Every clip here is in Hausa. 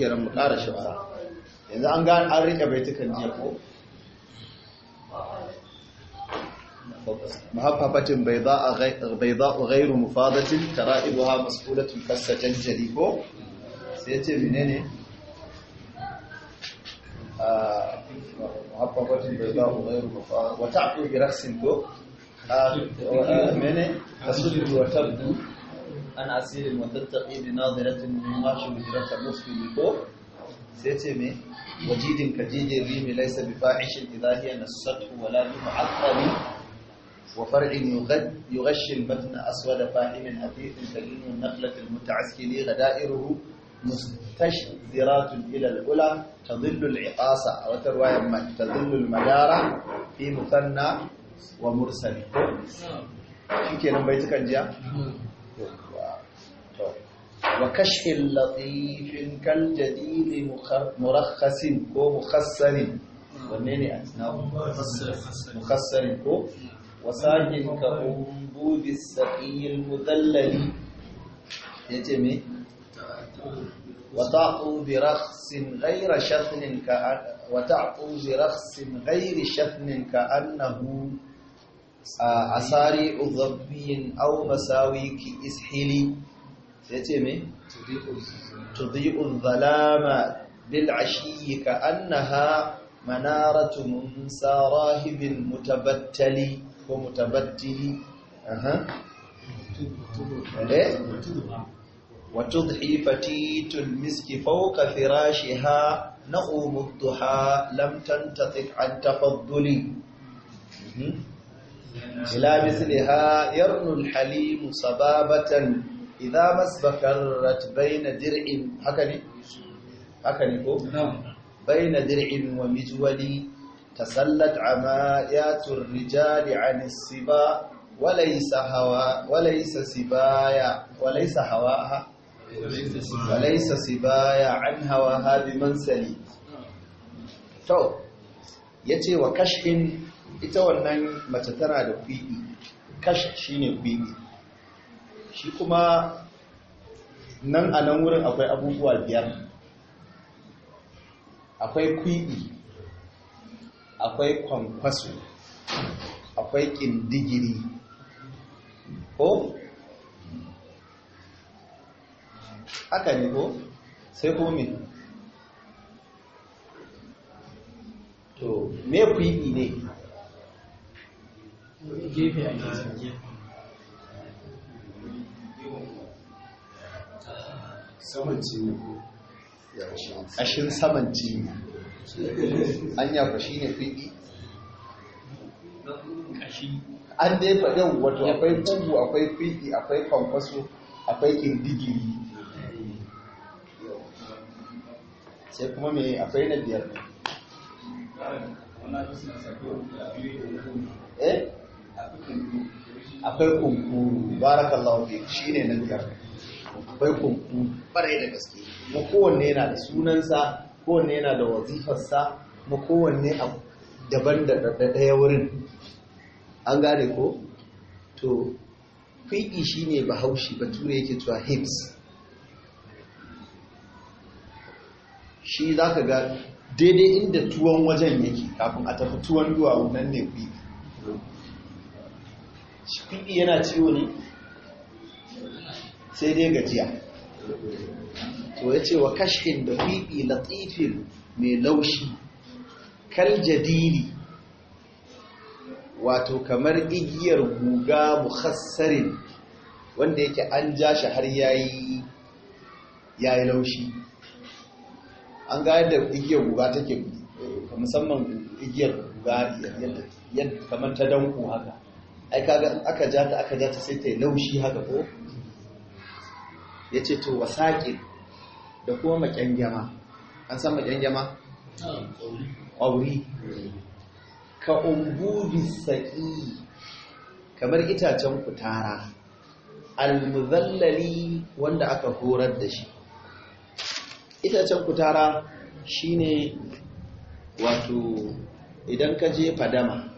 kenan mu ƙara shi ba yanzu an ga an rike baitukan jiya ko mahaffafatin bai za a gairu mufadatin tara'ibuha mas'ulatin kasta janjali ko sai ce mine ne mahaffafatin bai za a gairu mufadatin wata akwai girarsin ko mene a sudu wata أنا أسير المتتقي بناظرة من ماشي بجرة مصفي لكو سيتمي وجيد كجيد الريم ليس بفاحش إذا هي نسطح ولا بمعقب وفرع يغد يغش المبنى أسود فاحم حديث تلين النخلة المتعسكري غدائره مستشذرات إلى الأولى تظل العقاصة وترواية تظل المدارة في مثنى ومرسل شكرا بيتك أنجا وكشف لطيف كالجديد مرخص كو مخسر ونيني أتناه مخسر كو وساجن كأنبوذ السقي المدلل يتمي وتعطوا برخص غير شفن كأن وتعطو برخص غير شفن كأنه a asari ugabiyin au masawi ki ishili ya ce mai tuzi uzalama bil'ashi ka annaha manaratu munsa rahibin mutabattali ko mutabattili wato haifati fauka firashi ha na umudu ha lamtanta tafaddulin ila misliha yarnu halimu sababatan idha masbakarat bayna dir'in haka ne haka ne ko bayna dir'in wa mijwali tasallat amayatu rijali 'an siba wa hawa wa sibaya wa laysa sibaya 'an to yace wa kashfin ita wannan mace tana da kwibi e, shi shine kwiɗi e. shi kuma nan a nan wurin akwai abubuwa biyar akwai kwiɗi e, akwai kwankwaso akwai ƙindigiri ko aka ne ko sai ko me to me kwiɗi ne gefe saman jini saman cinya anya shi ne fiɗi an dai faɗin wato akwai tubu akwai fiɗi akwai kwankwaso akwai ƙirdigiri sai kuma me akwai na biyar eh akwai kunkuru barakallahu fi ne nan biyar akwai kunkuru bare da gaske kuma kowanne yana da sunansa kowanne yana da wazifarsa kuma kowanne a daban da ɗaya wurin an gane ko to fiƙi haushi ba bature yake cewa hips shi za ka ga daidai inda tuwon wajen yake kafin a tafi tuwon duwawu nan ne fiƙi shifi'i yana ciwo ne sai dai gajiya to ya ce wa kashin da na latifin mai laushi kal jadili wato kamar igiyar guga mukhassarin wanda yake an ja shi har yayi yayi laushi an ga yadda igiyar guga take musamman igiyar guga yadda kamar ta danko haka ai kaga aka ja ta aka ja ta sai ta yi laushi haka ko ya ce to wasaƙi da kuma makyangyama an san makyangyama? ƙauri ka umbubi saƙi kamar itacen kutara almuzallali wanda aka horar da shi itacen kutara shine wato idan ka je fadama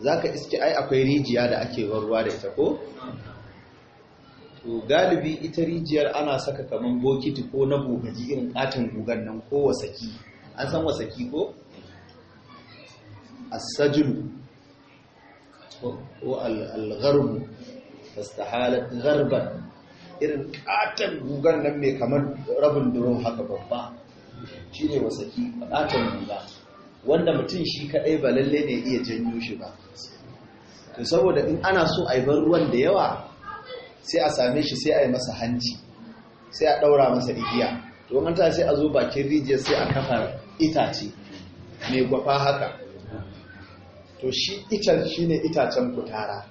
za ka iske ai akwai rijiya da ake ruwa da ita ko? to galibi ita rijiyar ana saka kamar bokiti ko na bugaji irin katin gugan nan ko wasaki an san wasaki ko? asajinu ko algarbu halar garban irin katin gugan nan mai kamar rabin durin haka babba shi ne wasaki katin guga wanda mutum shi kaɗai ba lallai ne iya janyo shi ba to saboda in ana so a yi ban ruwan da yawa sai a same shi sai a yi masa hanci sai a ɗaura masa igiya to ta sai a zo bakin rijiya sai a kafa itace mai gwafa haka to shi itar shi ne itacen kutara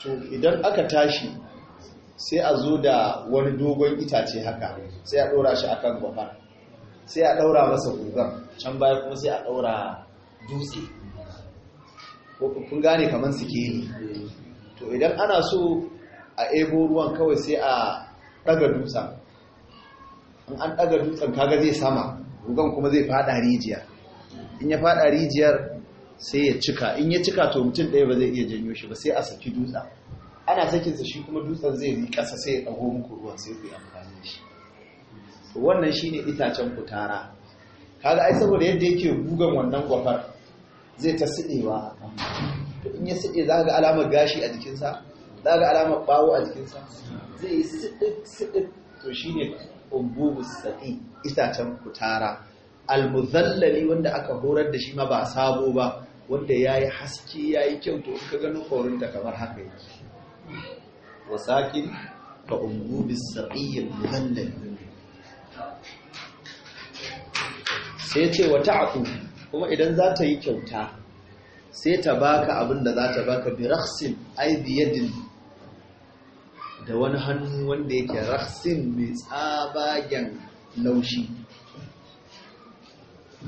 to idan aka tashi sai a zo da wani dogon itace haka sai a ɗora shi akan gwafa sai a ɗaura masa gugan can baya kuma sai a ɗaura dutse kun gane kamar sikeli to idan ana so a ebo ruwan kawai sai a ɗaga dutsen in an ɗaga dutsen kaga zai sama gugan kuma zai fada rijiya in ya fada rijiyar sai ya cika in ya cika to mutum ɗaya ba zai iya janyo shi ba sai a saki dutsen ana sakinsa shi kuma dutsen zai yi ƙasa sai ya ɗago muku ruwan sai ku yi amfani to wannan shine itacen kutara kaga ai saboda yadda yake gugan wannan kwafar zai ta siɗewa to in ya siɗe za ga alamar gashi a jikinsa za ga alamar bawo a jikinsa zai yi sidi siɗik to shine ungubu saɗi itacen kutara almuzallali wanda aka horar da shi ma ba sabo ba wanda ya yi haske ya yi kyau to ka gano da kamar haka yake wasakin ka ungubu saɗi almuzallali sai ce wa ta'afu kuma idan za ta yi kyauta sai ta baka abin da za ta baka bi raksin ai da wani hannu wanda yake raksin mai tsabagen laushi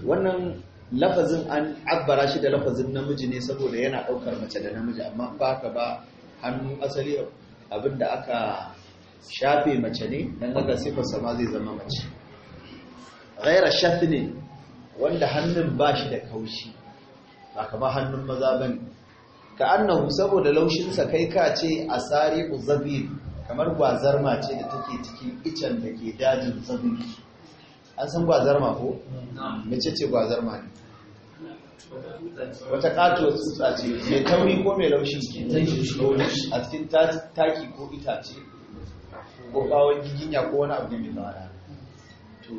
wannan lafazin an abbara shi da lafazin namiji ne saboda yana ɗaukar mace da namiji amma ba ka ba hannu asali abin da aka shafe mace ne don daga sifarsa ma zai zama mace ghaira shafi ne wanda hannun ba shi da kaushi ba kama hannun maza ba ne ka annahu saboda laushinsa kai ka ce a tsari zabir kamar gwazarma ce da take cikin icen da ke dajin zabir an san gwazarma ko? mace ce gwazarma ne wata kato tsutsa ce mai tauri ko mai laushi a cikin taki ko itace ko bawon giginya ko wani abu ne mai tsara to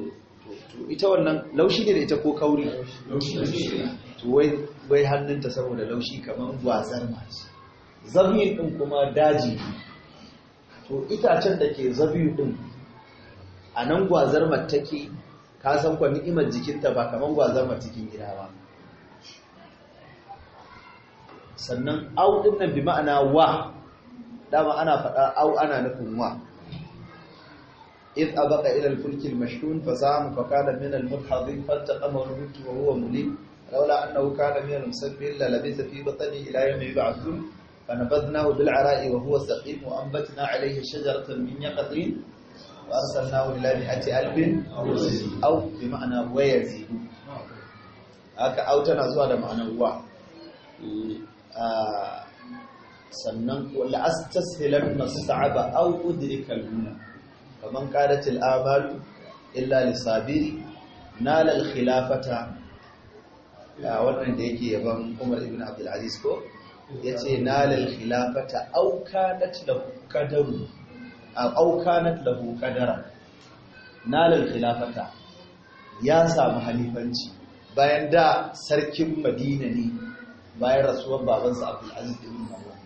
ita wannan laushi ne da ita ko kauri to wai hannunta saboda laushi kamar gwazar masu zabi ɗin kuma daji to itacen da ke zabi ɗin, a nan gwazar mataki ka san kwa ni'imar jikinta ba kamar gwazar matakin gida ba sannan au ɗin nan bi ma'ana wa dama ana faɗa au ana nufin wa إذ أبق إلى الفلك المشحون فزعم فكان من المدحضين فالتقمه الملك وهو مليم لولا أنه كان من المسبين للبث في بطنه إلى يوم يبعثون فنبذناه بالعراء وهو سقيم وأنبتنا عليه شجرة من يقطين وأرسلناه إلى مئة ألف أو بمعنى ويزيد هكا أو تنازوا هذا معنى هو سنن ولا أستسهلن الصعب أو أدرك المنى faman qadatil amalu illa lisabiri nalal khilafata ya wannan da yake yaban Umar ibn Abdulaziz Aziz ko yace nalal khilafata au kanat lahu qadaru au kanat lahu qadara nalal khilafata ya samu halifanci bayan da sarkin Madina ne bayan rasuwar babansa Abdul Aziz ibn Marwan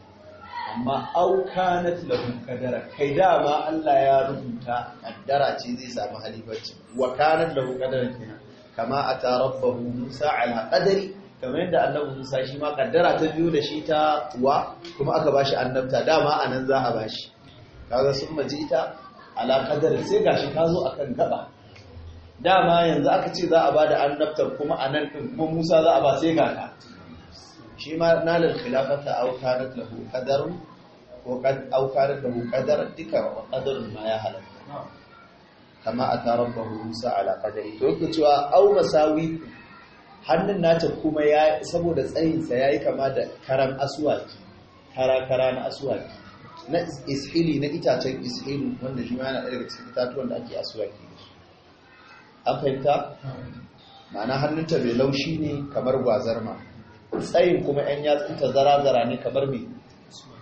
ma'auka na tilahun kadara kai dama Allah ya rubuta kaddara ce zai samu halifarci wa kanar da kadara kenan kama a tarabbahu musa ala kadari kamar yadda annabi musa shi ma kaddara ta biyu da shi ta wa kuma aka bashi annabta dama a nan za a bashi kaga sun maji ita, ala kadari sai gashi ka zo akan gaba dama yanzu aka ce za a ba da annabtar kuma a nan din kuma musa za a ba sai ga ka shi ma nalar khilafata au kanat lahu qadar ko kad au kanat lahu qadar dika wa qadarun ma ya halatta kama ata rabbahu musa ala qadari to yake cewa au masawi hannun nata kuma ya saboda tsayinsa ya yi kama da karam asuwaki kara-kara na aswaki, na ishili na itacen ishili wanda shi yana na daga cikin itatuwan da ake aswaki. an fahimta ma'ana hannunta mai laushi ne kamar gwazarma tsayin kuma yan yatsun ta zara-zara ne kamar me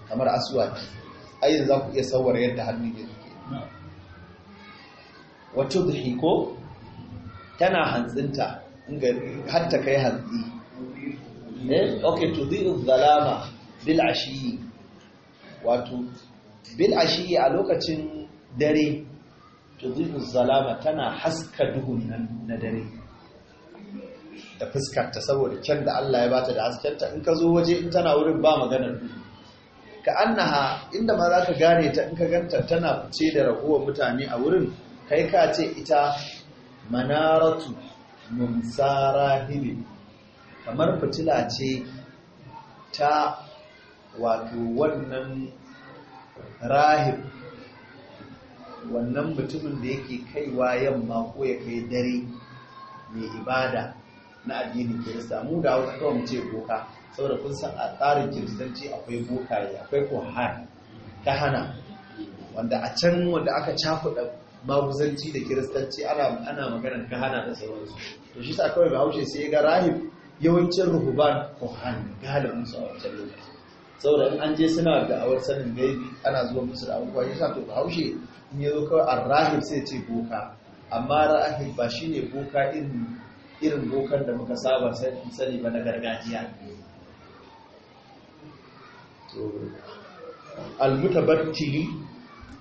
kamar asuwaki ayin za ku iya sauwar yadda hannun ya duke. wacce da ko tana hantsinta hanta kai hantsi eh Ok, to the zalama bil ashiyi wato bil ashiyi a lokacin dare to the zalama tana haska duhun na dare da fuskarta saboda kyan da Allah ya bata da haskenta in ka zo waje in tana wurin ba maganar ka annaha inda ma za ka gane ta in ka ganta tana fice da ragowar mutane a wurin kai ka ce ita manaratu mumsara kamar fitila ce ta wato wannan rahib wannan mutumin da yake kaiwa yamma ko ya kai dare mai ibada na addinin kirista mu da wata kawai mu ce boka saboda kun san a tsarin kiristanci akwai bokaye akwai kohan hana wanda a can wanda aka cakuɗa maguzanci da kiristanci ana maganar kahana da sauransu to shi sa kawai bahaushe sai ya ga rahib yawancin ruhuban kohan galibin su a wancan lokaci saboda in an je suna da awar sanin gaibi ana zuwa musu da abubuwa shi sa to bahaushe in ya zo kawai arrahib sai ce boka amma rahib ba shine boka irin irin dokar da muka saba sani ba na gargajiya almutabattili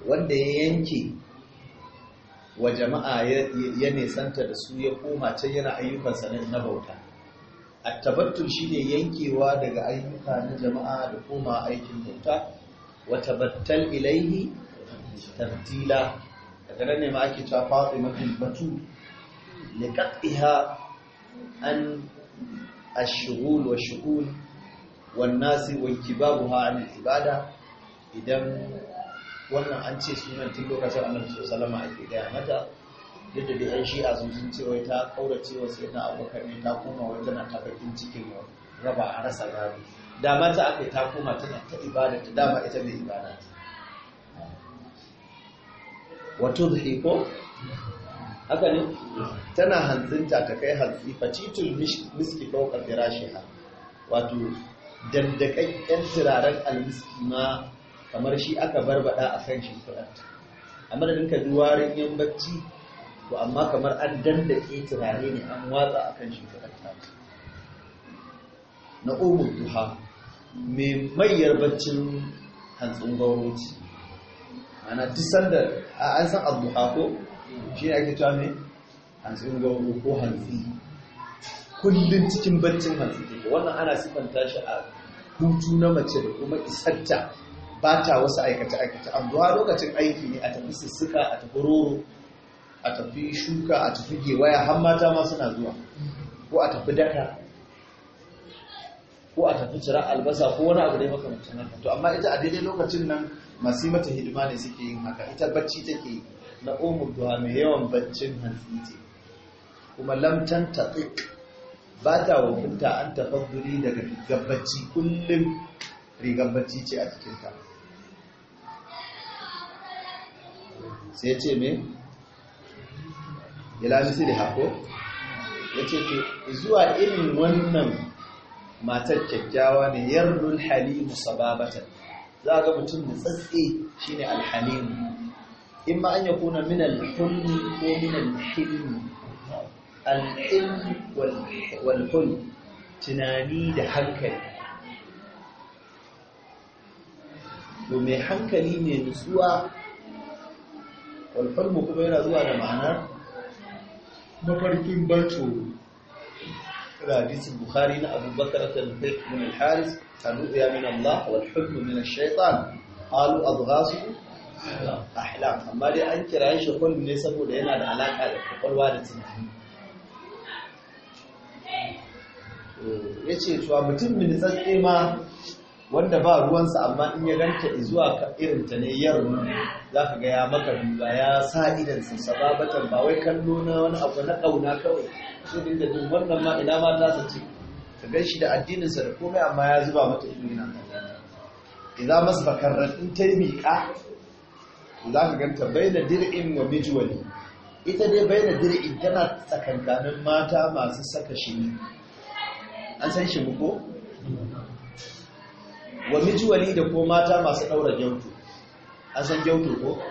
wanda ya yanke wa jama'a ya nesanta da su ya koma can yana ayyukansa na bauta shi shine yankewa daga ayyuka na jama'a da koma aikin bauta wa tabattal ilaihi tabtila daga nan ne ma ake cewa fatima batu liqatiha an ashugul wa shughul wa nasi wa kibabuha an ibada idan wannan an ce sunan tun lokacin annabi sallallahu alaihi ake gaya mata yadda da yan shi'a sun sun cewa ta kaurace sai sayyidina abokan ne ta koma wai tana ta bakin cikin raba a rasa rari da ta aka ta koma tana ta ibada ta dama ita mai ibada ta wato da ko haka ne tana hantsinta ta kai hantsi facitul miski fawqa firashiha wato 'yan turaren almiski ma kamar shi aka barbada a kan shimfiɗarta a madadin ka duwarin yan bacci to amma kamar an dandake turare ne an watsa a kan shimfiɗarta na umar duha mai mayar baccin hantsin gwamnati ana tisar da an san abu ko shi ne ake cewa ne hantsin gauru ko hantsi kullum cikin baccin hantsi ke wannan ana sifanta shi a hutu na mace da kuma isarta ba ta wasu aikace-aikace amma lokacin aiki ne a tafi sussuka a tafi roro a tafi shuka a tafi gewaya har mata ma suna zuwa ko a tafi daka ko a tafi cira albasa ko wani abu dai makamancin haka to amma ita a daidai lokacin nan masu mata hidima ne suke yin haka ita bacci take yi na umurduwa mai yawan baccin hantsi ce kuma lamtan tsik ba ta wakunta an tafadduri daga gabbaci kullum rigar bacci ce a cikinta sai ce me ila da hako ya ce to zuwa irin wannan matar kyakkyawa ne yardul halimu sababatan za ga mutum da tsatsi shine alhalimu إما أن يكون من الحلم ومن الحلم الحلم والحلم تناني دهنكلي ومن حنكلي من سوى والحلم كبير أدوى على معنى مفركين بلتو رادس البخاري أبو بكرة البيت من الحارس كان رؤيا من الله والحلم من الشيطان قالوا أضغاثه ahlak amma dai an kira shi kullu ne saboda yana da alaka da kwakwalwa da tunani eh, ya ce cewa mutum minitsatse ma wanda ba ruwansa amma in ya ganta zuwa irinta ne yarnu za ka ga ya maka duba ya sa idansa sababatan ba wai kallo na wani abu na ƙauna kawai su dinga jin wannan ma ina ma ta ce ka gan shi da addininsa da komai amma ya zuba mata ido yana idan masu bakarra ta yi miƙa za ka ganta bai da dir'in wa mijuwali ita dai bai da dir'in tana tsakankanin mata masu saka shini an san shi ko? wa mijuwali da ko mata masu ɗaura gyautu an san gyautu ko?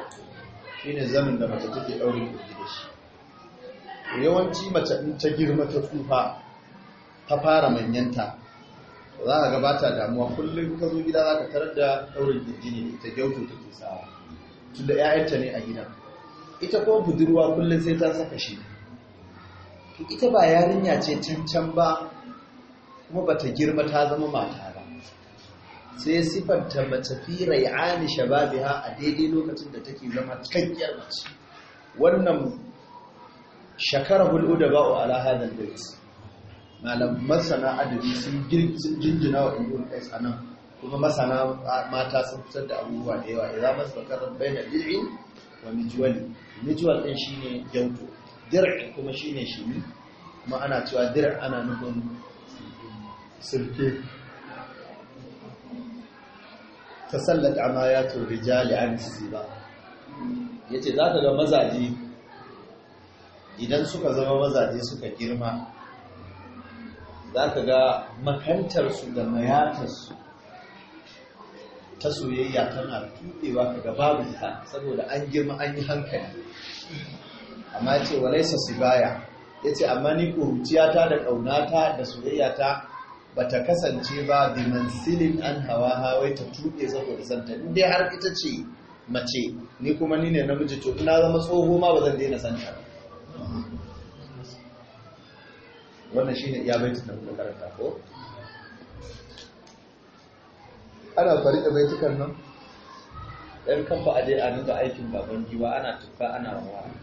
shi ne zamin da mace take ɗaurin gyautu da shi yawanci mace in ta girma ta tsufa ta fara manyanta za ka gabata damuwa kullum ka zo gida za ka tarar da ɗaurin kurji ne ta gyautu ta tusawa tunda ‘ya'yanta ne a gida ita ko budurwa kullum sai ta saka shi ita ba yarinya ce cancan ba kuma ba ta girma ta zama mata ba sai siffanta mace fi shababi shababiha a daidai lokacin da take zama cikakkiyar mace wannan shakara da ba'u ala hadal bait malam masana sun jinjina wa s a nan. kuma masana mata sun fitar da abubuwa da yawa idan masu bakarar bai na dir'in wa mijuwali mijuwal ɗin shi ne gyauto dir'in kuma shi ne shimi kuma ana cewa dir' ana nufin sirke ya amayatu rijali an ce za zaka ga mazaje idan suka zama mazaje suka girma Za ka ga makantarsu da mayatarsu. ta soyayya tana tuɗewa ga babu ita saboda an girma an yi hankali amma ce walaisa su baya ya ce amma ni ƙuruciyata da ƙaunata da soyayyata ba ta kasance ba bi silin an hawa hawai ta tuɗe saboda santa dai har ita ce mace ni kuma ni ne namiji to ina zama tsoho ma ba zan daina santa wannan ne iya bai da karanta ko ana bari da bai tukar nan Yan kamfa a je a nuna aikin baban giwa ana tuffa ana rawa